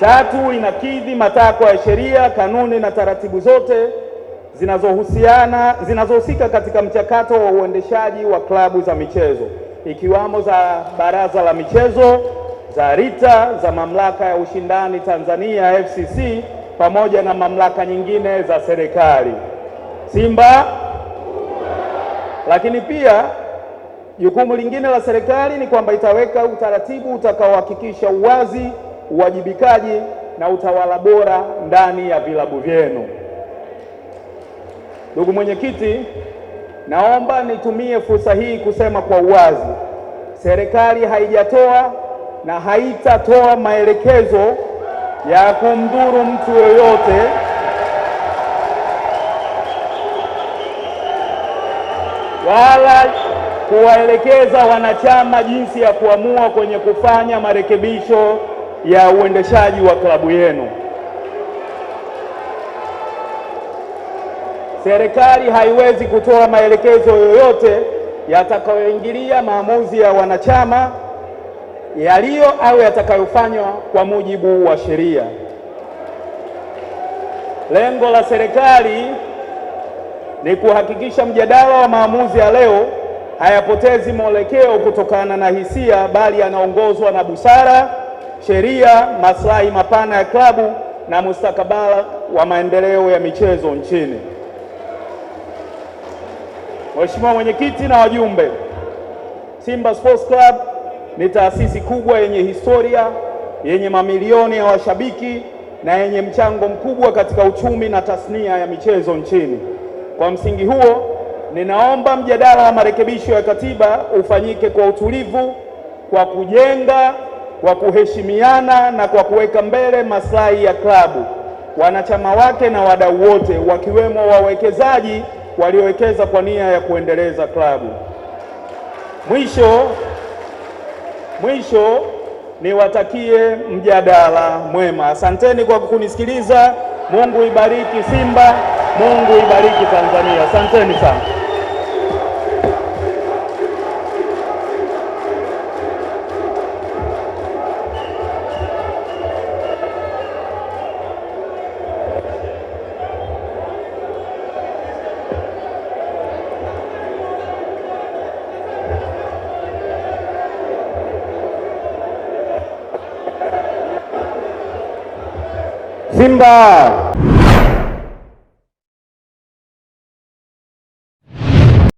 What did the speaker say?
Tatu, inakidhi matakwa ya sheria, kanuni na taratibu zote zinazohusiana zinazohusika katika mchakato wa uendeshaji wa klabu za michezo ikiwamo za baraza la michezo za RITA za mamlaka ya ushindani Tanzania FCC pamoja na mamlaka nyingine za serikali. Simba! Lakini pia jukumu lingine la serikali ni kwamba itaweka utaratibu utakaohakikisha uwazi uwajibikaji na utawala bora ndani ya vilabu vyenu. Ndugu mwenyekiti, naomba nitumie fursa hii kusema kwa uwazi, serikali haijatoa na haitatoa maelekezo ya kumdhuru mtu yoyote wala kuwaelekeza wanachama jinsi ya kuamua kwenye kufanya marekebisho ya uendeshaji wa klabu yenu. Serikali haiwezi kutoa maelekezo yoyote yatakayoingilia maamuzi ya wanachama yaliyo au yatakayofanywa kwa mujibu wa sheria. Lengo la serikali ni kuhakikisha mjadala wa maamuzi ya leo hayapotezi mwelekeo kutokana na hisia, bali yanaongozwa na busara sheria, maslahi mapana ya klabu na mustakabala wa maendeleo ya michezo nchini. Mheshimiwa Mwenyekiti na wajumbe, Simba Sports Club ni taasisi kubwa yenye historia, yenye mamilioni ya washabiki na yenye mchango mkubwa katika uchumi na tasnia ya michezo nchini. Kwa msingi huo, ninaomba mjadala wa marekebisho ya katiba ufanyike kwa utulivu kwa kujenga kwa kuheshimiana na kwa kuweka mbele maslahi ya klabu, wanachama wake na wadau wote, wakiwemo wawekezaji waliowekeza kwa nia ya kuendeleza klabu. Mwisho mwisho niwatakie mjadala mwema. Asanteni kwa kunisikiliza. Mungu ibariki Simba, Mungu ibariki Tanzania. Asanteni sana. 明白。